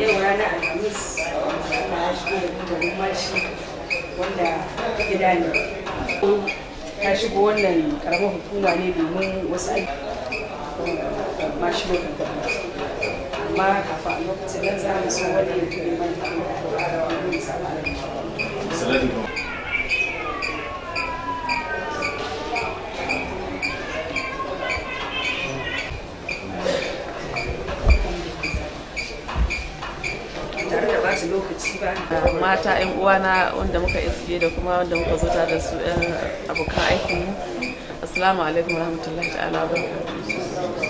yau ranar alhamis na shigo garin mashi wanda gida ne ta shigo wannan karamar hukuma ne domin wasu aiki mashi lokacin amma kafin lokacin nan za mu so wani yankin ya kuma mata yan uwana wanda muka iske da kuma wanda muka zo da su yan abokan aikin mu assalamu alaikum warahmatullahi ta'ala barakatuh